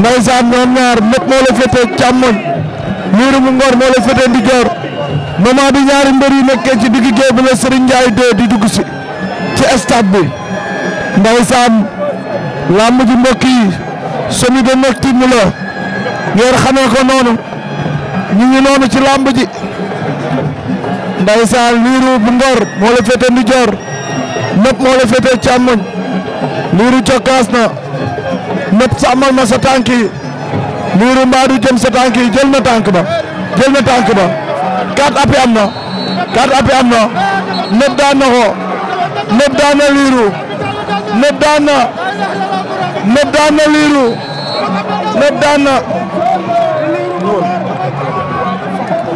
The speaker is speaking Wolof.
ndeysaan ñoom ñaar mët moo la féete càmmoñ liiru mu ngor moo la féete ndijoor moment bi ñaari mbër yi nekkee ci digg géew bi la Serigne Ndiaye doo di dugg si ci stade bi ndeysaan làmb ji mbokk yi semi de nocturne la ngeen noonu ñu noonu ci làmb ji ndeysaan liiru bu ngor moo féete ndijoor mët moo la féete càmmoñ liiru cokkaas na nepp sàmmal ma sa tànk yi Mourou Mbadou jëm sa tànk yi jël na tànk ba jël na tànk ba quatre appuis am na quatre appuis am na nepp daan na ko nepp daan na liiru nepp daan na nepp daan na liiru nepp daan na